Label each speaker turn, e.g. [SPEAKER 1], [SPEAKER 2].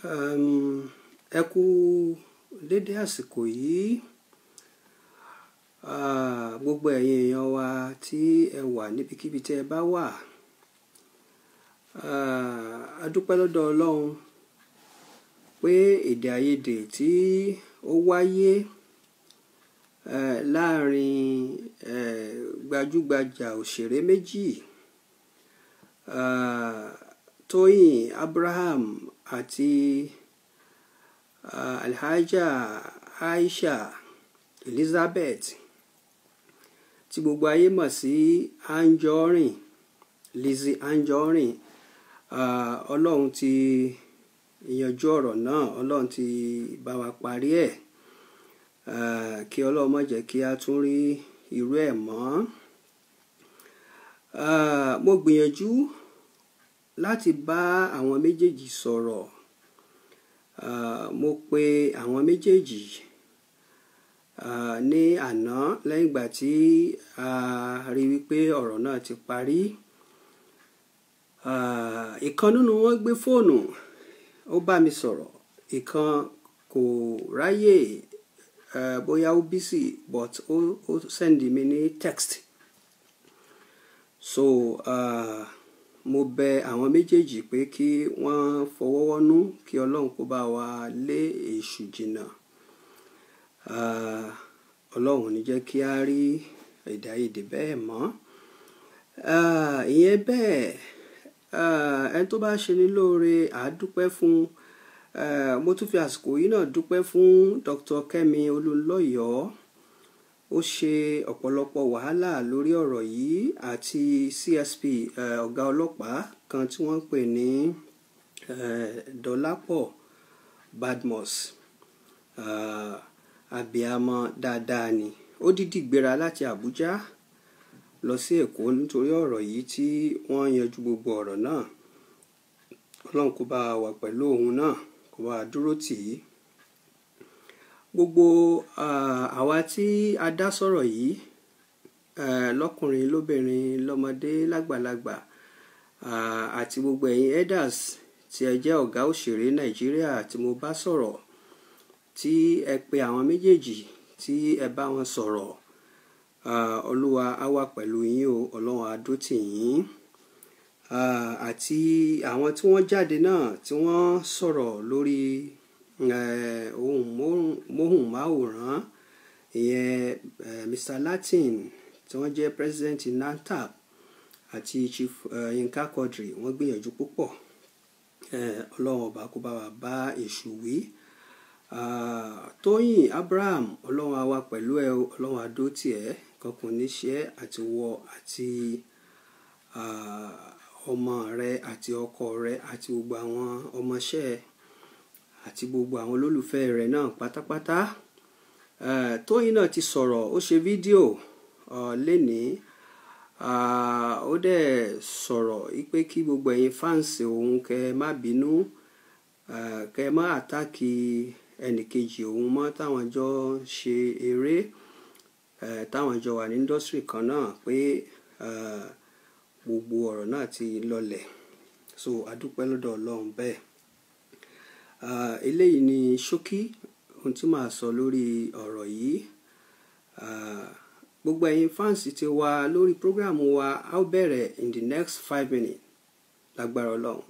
[SPEAKER 1] ẹ kú dédé àsìkò yìí gbogbo ẹ̀yin èèyàn wa tí ẹ wà níbikíbi tí ẹ bá wà a dúpẹ́ lọ́dọ̀ Ọlọ́run pé èdè àìyedè tí ó wáyé láàrin gbajúgbajà òṣèré méjì Tóyìn Abraham àti ah, alhaja aisha elizabeth tí gbogbo ayé mọ̀ sí anjorin Lizzy anjorin ah, ọlọ́run uh, ti yanjú ọ̀rọ̀ náà ọlọ́run ti bá wa parí ẹ̀ uh, kí ọlọ́run má jẹ́ kí a tún rí irú ẹ̀ mọ́. Uh, mo gbìyànjú láti bá àwọn méjèèjì sọ̀rọ̀ uh, mo pe àwọn méjèèjì uh, ní àná lẹ́yìn ìgbà tí a rí wípé ọ̀rọ̀ náà ti parí ìkan nínú wọn gbé fóònù ó bá mi sọ̀rọ̀ ìkan kò ráyè uh, bóyá ó bísí but ó sẹ́ndì mi ní text so. Uh, mo bẹ àwọn méjèèjì pé kí wọ́n fọwọ́wọ́nú kí ọlọ́run kó bá wa lé èṣù jìnnà ọlọ́run ní jẹ́ kí a rí èdèàìyedè bẹ́ẹ̀ mọ́ ìyẹn bẹ́ẹ̀ ẹni tó bá ṣe ní lóore àádúpẹ́ fún mo tún fi àsìkò yìí náà dúpẹ́ fún Dr. Kẹ́mi Olúnlọ́yọ̀ọ́ ó ṣe ọ̀pọ̀lọpọ̀ wàhálà lórí ọ̀rọ̀ yìí àti CSP ọ̀gá ọlọ́pàá kan tí wọ́n ń pè ní Dọlápọ̀ Badmus uh, abiyamọ dáadáa ni ó dídì gbéra láti Àbújá lọ sí Èkó nítorí ọ̀rọ̀ yìí tí wọ́n yanjú gbogbo ọ̀rọ̀ náà Ọlọ́run kó bá wà pẹ̀lú òun náà kó bá dúró tì í gbogbo àwa tí a dá sọ̀rọ̀ yìí lọ́kùnrin lóbìnrin lọ́mọdé lágbàlagbà àti gbogbo ẹ̀yin elders tí ẹ jẹ́ ọ̀gá òṣèré nàìjíríà tí mo bá sọ̀rọ̀ tí ẹ pe àwọn méjèèjì tí ẹ bá wọn sọ̀rọ̀ olúwa á wà pẹ̀lú yín o ọlọ́run á yín àti àwọn tí wọ́n jáde náà tí wọ́n sọ̀rọ̀ lórí Eh, móhùnmáwòrán ìyẹn eh, Mr. Latin tí wọ́n jẹ́ president NANTAB àti Chief eh, Yinka Quadri wọ́n gbìyànjú púpọ̀ ọlọ́run ọba kó bá wa bá èṣù wí ah, Tóyìn Abraham ọlọ́run àwa pẹ̀lú ẹ ọlọ́run àdó tiẹ̀ kankan níṣẹ́ àti wọ àti ah, ọmọ rẹ àti ọkọ rẹ àti gbogbo àwọn ọmọọṣẹ́ àti gbogbo àwọn olólùfẹ́ rẹ̀ náà pátápátá tóyìn náà ti sọ̀rọ̀ ó ṣe fídíò lénìí ó dẹ̀ sọ̀rọ̀ wípé kí gbogbo ẹ̀yin fáǹsì òun kẹ́ ẹ má bínú kẹ́ ẹ má àtàkì ẹnìkejì òun mọ́ táwọn jọ ń ṣe eré táwọn jọ wà ní indọ́sírì kan náà pé gbogbo ọ̀rọ̀ náà ti lọlẹ̀ so adúpẹ́ lọ́dọ̀ ọlọ́run bẹ́ẹ̀. Uh, eléyìí ni ṣókí ohun tí màá sọ lórí ọ̀rọ̀ yìí gbogbo ẹ̀yin fáǹsì ti wà lórí prógráàmù wa á bẹ̀rẹ̀ in the next five minutes lágbára ọlọ́run.